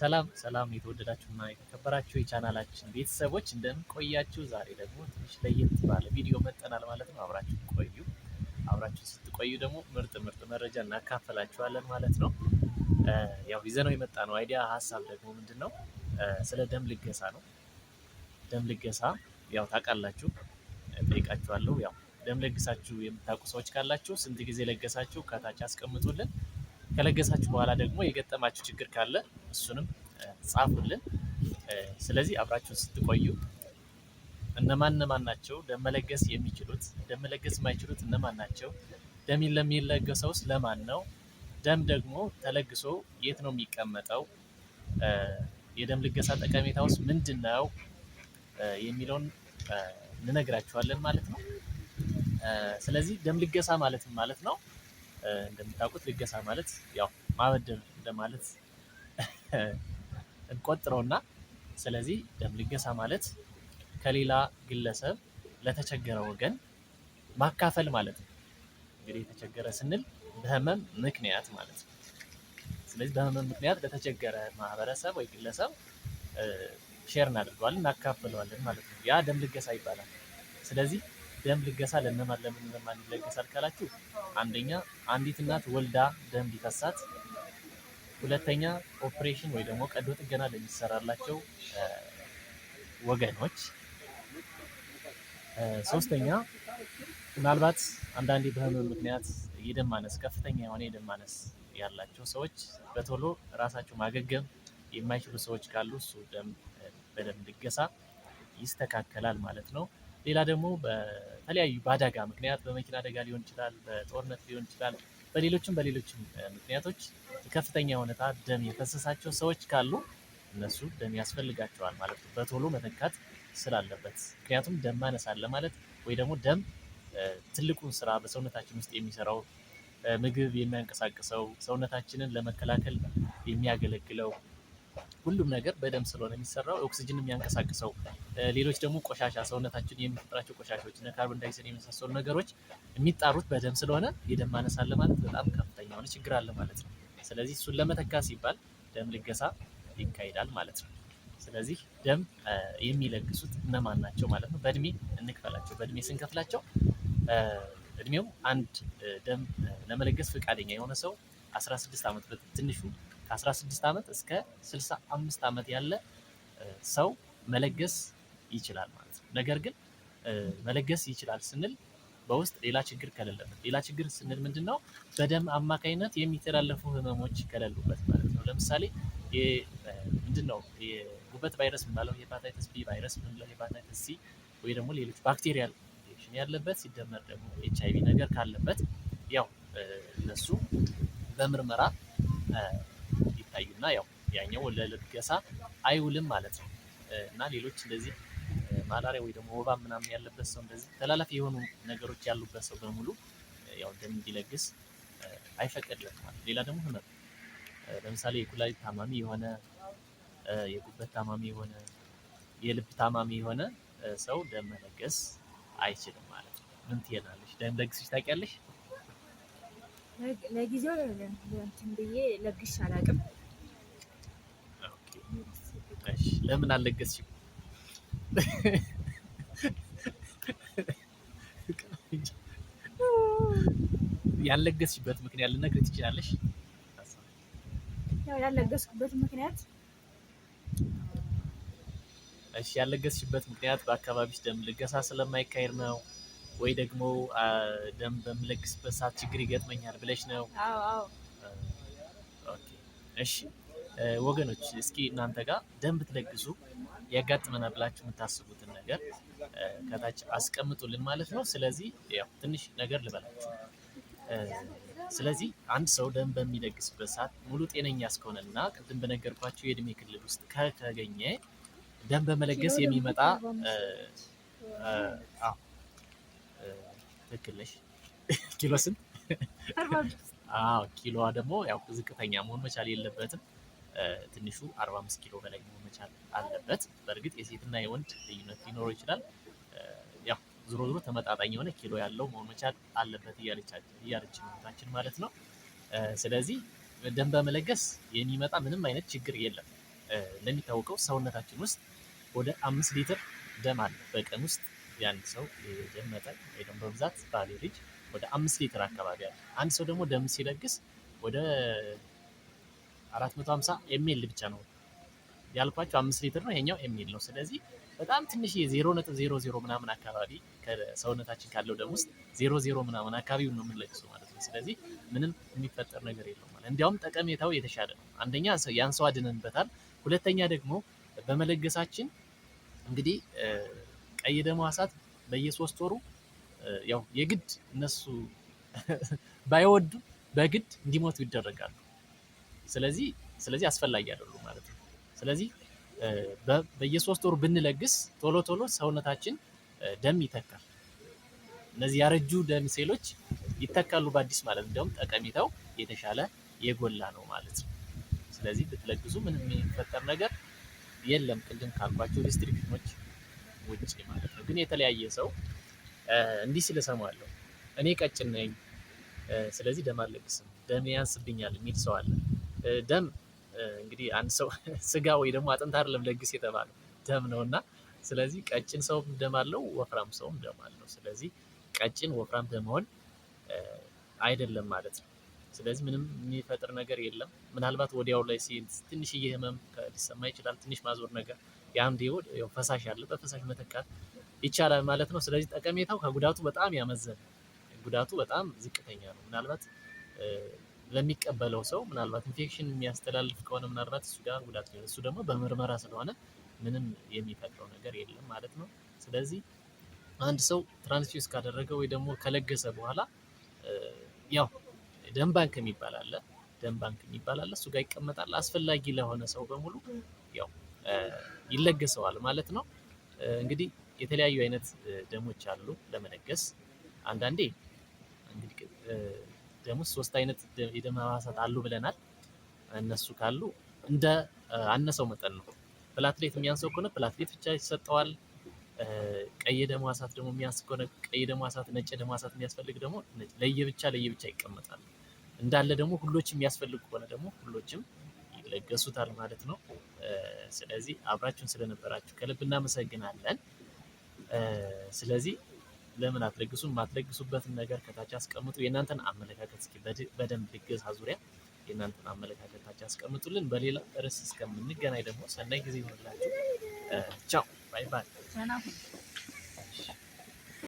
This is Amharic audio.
ሰላም ሰላም የተወደዳችሁና የተከበራችሁ የቻናላችን ቤተሰቦች እንደምን ቆያችሁ? ዛሬ ደግሞ ትንሽ ለየት ባለ ቪዲዮ መጠናል ማለት ነው። አብራችሁ ቆዩ። አብራችሁ ስትቆዩ ደግሞ ምርጥ ምርጥ መረጃ እናካፈላችኋለን ማለት ነው። ያው ይዘነው የመጣ ነው አይዲያ ሀሳብ ደግሞ ምንድን ነው? ስለ ደም ልገሳ ነው። ደም ልገሳ ያው ታውቃላችሁ፣ ጠይቃችኋለሁ። ያው ደም ለግሳችሁ የምታውቁ ሰዎች ካላችሁ ስንት ጊዜ ለገሳችሁ? ከታች አስቀምጡልን። ከለገሳችሁ በኋላ ደግሞ የገጠማችሁ ችግር ካለ እሱንም ጻፉልን። ስለዚህ አብራችሁን ስትቆዩ እነማን እነማን ናቸው ለመለገስ የሚችሉት፣ ለመለገስ የማይችሉት እነማን ናቸው፣ ደም ለሚለገሰውስ ለማን ነው፣ ደም ደግሞ ተለግሶ የት ነው የሚቀመጠው፣ የደም ልገሳ ጠቀሜታውስ ምንድን ነው የሚለውን እንነግራችኋለን ማለት ነው። ስለዚህ ደም ልገሳ ማለትም ማለት ነው እንደምታውቁት ልገሳ ማለት ያው ማበደር እንደማለት እንቆጥረውና ስለዚህ ደም ልገሳ ማለት ከሌላ ግለሰብ ለተቸገረ ወገን ማካፈል ማለት ነው። እንግዲህ የተቸገረ ስንል በህመም ምክንያት ማለት ነው። ስለዚህ በህመም ምክንያት ለተቸገረ ማህበረሰብ ወይ ግለሰብ ሼር እናደርገዋለን እናካፍለዋለን ማለት ነው። ያ ደም ልገሳ ይባላል። ስለዚህ ደም ልገሳ ለእነማን ለምን ለማን ይለገሳል ካላችሁ፣ አንደኛ አንዲት እናት ወልዳ ደም ቢፈሳት፣ ሁለተኛ ኦፕሬሽን ወይ ደግሞ ቀዶ ጥገና ለሚሰራላቸው ወገኖች፣ ሶስተኛ ምናልባት አንዳንዴ በህመም ምክንያት የደም ማነስ ከፍተኛ የሆነ የደም ማነስ ያላቸው ሰዎች በቶሎ ራሳቸው ማገገም የማይችሉ ሰዎች ካሉ እሱ ደም በደም ልገሳ ይስተካከላል ማለት ነው። ሌላ ደግሞ በተለያዩ በአደጋ ምክንያት በመኪና አደጋ ሊሆን ይችላል፣ በጦርነት ሊሆን ይችላል፣ በሌሎችም በሌሎችም ምክንያቶች ከፍተኛ ሁኔታ ደም የፈሰሳቸው ሰዎች ካሉ እነሱ ደም ያስፈልጋቸዋል ማለት ነው። በቶሎ መተካት ስላለበት ምክንያቱም ደም ማነሳለ ማለት ወይ ደግሞ ደም ትልቁን ስራ በሰውነታችን ውስጥ የሚሰራው ምግብ የሚያንቀሳቅሰው ሰውነታችንን ለመከላከል የሚያገለግለው ሁሉም ነገር በደም ስለሆነ የሚሰራው ኦክሲጅን የሚያንቀሳቅሰው ሌሎች ደግሞ ቆሻሻ ሰውነታችን የሚፈጥራቸው ቆሻሻዎች እና ካርቦን ዳይኦክሳይድ የመሳሰሉ ነገሮች የሚጣሩት በደም ስለሆነ የደም ማነስ አለ ማለት በጣም ከፍተኛ የሆነ ችግር አለ ማለት ነው። ስለዚህ እሱን ለመተካ ሲባል ደም ልገሳ ይካሄዳል ማለት ነው። ስለዚህ ደም የሚለግሱት እነማን ናቸው ማለት ነው? በእድሜ እንክፈላቸው። በእድሜ ስንከፍላቸው እድሜው አንድ ደም ለመለገስ ፈቃደኛ የሆነ ሰው 16 ዓመት በትንሹ ከ16 ዓመት እስከ 65 ዓመት ያለ ሰው መለገስ ይችላል ማለት ነው። ነገር ግን መለገስ ይችላል ስንል በውስጥ ሌላ ችግር ከሌለበት፣ ሌላ ችግር ስንል ምንድን ነው? በደም አማካኝነት የሚተላለፉ ህመሞች ከሌሉበት ማለት ነው። ለምሳሌ ምንድን ነው የጉበት ቫይረስ የምንለው ሄፓታይተስ ቢ ቫይረስ የምንለው ሄፓታይተስ ሲ ወይ ደግሞ ሌሎች ባክቴሪያል ኢንፌክሽን ያለበት ሲደመር ደግሞ ኤች አይ ቪ ነገር ካለበት ያው እነሱ በምርመራ ይታዩና ያው ያኛው ለልገሳ አይውልም ማለት ነው እና ሌሎች እንደዚህ ማላሪያ ወይ ደግሞ ወባ ምናምን ያለበት ሰው እንደዚህ ተላላፊ የሆኑ ነገሮች ያሉበት ሰው በሙሉ ያው ደም እንዲለግስ አይፈቀድለትም ማለት። ሌላ ደግሞ ህመም፣ ለምሳሌ የኩላሊት ታማሚ የሆነ የጉበት ታማሚ የሆነ የልብ ታማሚ የሆነ ሰው ደም መለገስ አይችልም ማለት ነው። ምን ትሄዳለሽ? ደም ለግስሽ ታውቂያለሽ? ለጊዜው እንትን ብዬ ለግሽ አላውቅም። ለምን አልለገስሽም? ያልለገስሽበት ምክንያት ልነግር ትችላለሽ? ያልለገስኩበት ምክንያት እሺ፣ ያልለገስሽበት ምክንያት በአካባቢሽ ደም ልገሳ ስለማይካሄድ ነው። ወይ ደግሞ ደም በምለግስበት ሰዓት ችግር ይገጥመኛል ብለሽ ነው? አዎ። ኦኬ፣ እሺ ወገኖች እስኪ እናንተ ጋር ደም ብትለግሱ ያጋጥመናል ብላችሁ የምታስቡትን ነገር ከታች አስቀምጡልን ማለት ነው። ስለዚህ ያው ትንሽ ነገር ልበላችሁ። ስለዚህ አንድ ሰው ደም በሚለግስበት ሰዓት ሙሉ ጤነኛ እስከሆነና ቅድም በነገርኳቸው የእድሜ ክልል ውስጥ ከተገኘ ደም በመለገስ የሚመጣ ትክክል ነሽ። ኪሎ ስንት? አዎ ኪሎዋ ደግሞ ያው ዝቅተኛ መሆን መቻል የለበትም። ትንሹ 45 ኪሎ በላይ መሆን መቻል አለበት። በእርግጥ የሴትና የወንድ ልዩነት ሊኖረው ይችላል። ያው ዞሮ ዞሮ ተመጣጣኝ የሆነ ኪሎ ያለው መሆን መቻል አለበት እያለች ታችን ማለት ነው። ስለዚህ ደም በመለገስ የሚመጣ ምንም አይነት ችግር የለም። እንደሚታወቀው ሰውነታችን ውስጥ ወደ አምስት ሊትር ደም አለ በቀን ውስጥ የአንድ ሰው የደም መጠን ወይ ደግሞ በብዛት በአቬሬጅ ወደ አምስት ሊትር አካባቢ አለ። አንድ ሰው ደግሞ ደም ሲለግስ ወደ አራት መቶ 450 ኤምኤል ብቻ ነው ያልኳቸው፣ አምስት ሊትር ነው ይሄኛው ኤምኤል ነው። ስለዚህ በጣም ትንሽ የዜሮ ነጥብ ዜሮ ዜሮ ምናምን አካባቢ ከሰውነታችን ካለው ደም ውስጥ ዜሮ ዜሮ ምናምን አካባቢውን ነው የምንለግሱ ማለት ነው። ስለዚህ ምንም የሚፈጠር ነገር የለውም ማለት እንዲያውም ጠቀሜታው የተሻለ ነው። አንደኛ ያን ሰው አድነንበታል። ሁለተኛ ደግሞ በመለገሳችን እንግዲህ ቀይ ደም ሕዋሳት በየሶስት ወሩ ያው የግድ እነሱ ባይወዱ በግድ እንዲሞቱ ይደረጋሉ። ስለዚህ ስለዚህ አስፈላጊ አይደሉም ማለት ነው። ስለዚህ በየሶስት ወሩ ብንለግስ ቶሎ ቶሎ ሰውነታችን ደም ይተካል። እነዚህ ያረጁ ደም ሴሎች ይተካሉ በአዲስ ማለት ነው። እንዲያውም ጠቀሜታው የተሻለ የጎላ ነው ማለት ነው። ስለዚህ ብትለግሱ ምንም የሚፈጠር ነገር የለም። ቅድም ካልኳቸው ሪስትሪክሽኖች ውጭ ማለት ነው። ግን የተለያየ ሰው እንዲህ ሲል እሰማለሁ። እኔ ቀጭን ነኝ፣ ስለዚህ ደም አልለግስም፣ ደም ያንስብኛል የሚል ሰው አለ። ደም እንግዲህ አንድ ሰው ስጋ ወይ ደግሞ አጥንት አይደለም ለግስ የተባለው ደም ነው እና ስለዚህ ቀጭን ሰውም ደም አለው፣ ወፍራም ሰውም ደም አለው። ስለዚህ ቀጭን ወፍራም በመሆን አይደለም ማለት ነው። ስለዚህ ምንም የሚፈጥር ነገር የለም። ምናልባት ወዲያው ላይ ትንሽዬ ህመም ሊሰማ ይችላል፣ ትንሽ ማዞር ነገር የአንድ ሆድ ፈሳሽ ያለ በፈሳሽ መተካት ይቻላል ማለት ነው። ስለዚህ ጠቀሜታው ከጉዳቱ በጣም ያመዘነ ጉዳቱ በጣም ዝቅተኛ ነው። ምናልባት ለሚቀበለው ሰው ምናልባት ኢንፌክሽን የሚያስተላልፍ ከሆነ ምናልባት እሱ ጋር ጉዳት ሊሆን እሱ ደግሞ በምርመራ ስለሆነ ምንም የሚፈጥረው ነገር የለም ማለት ነው። ስለዚህ አንድ ሰው ትራንስፊውስ ካደረገ ወይ ደግሞ ከለገሰ በኋላ ያው ደም ባንክ የሚባል አለ ደም ባንክ የሚባል አለ። እሱ ጋር ይቀመጣል። አስፈላጊ ለሆነ ሰው በሙሉ ያው ይለገሰዋል ማለት ነው። እንግዲህ የተለያዩ አይነት ደሞች አሉ ለመለገስ። አንዳንዴ እንግዲህ ደሞች ሶስት አይነት የደም ሕዋሳት አሉ ብለናል። እነሱ ካሉ እንደ አነሰው መጠን ነው። ፕላትሌት የሚያንሰው ከሆነ ፕላትሌት ብቻ ይሰጠዋል። ቀይ የደም ሕዋሳት ደግሞ የሚያንስ ከሆነ ቀይ የደም ሕዋሳት፣ ነጭ የደም ሕዋሳት የሚያስፈልግ ደግሞ ለየብቻ ለየብቻ ይቀመጣል። እንዳለ ደግሞ ሁሎችም የሚያስፈልግ ከሆነ ደግሞ ሁሎችም ይለገሱታል ማለት ነው። ስለዚህ አብራችሁን ስለነበራችሁ ከልብ እናመሰግናለን። ስለዚህ ለምን አትለግሱም? የማትለግሱበትን ነገር ከታች አስቀምጡ። የእናንተን አመለካከት እስኪ በደንብ ልገሳ ዙሪያ የእናንተን አመለካከት ታች አስቀምጡልን። በሌላ ርዕስ እስከምንገናኝ ደግሞ ሰናይ ጊዜ ይሆንላችሁ። ቻው ባይ ባይ።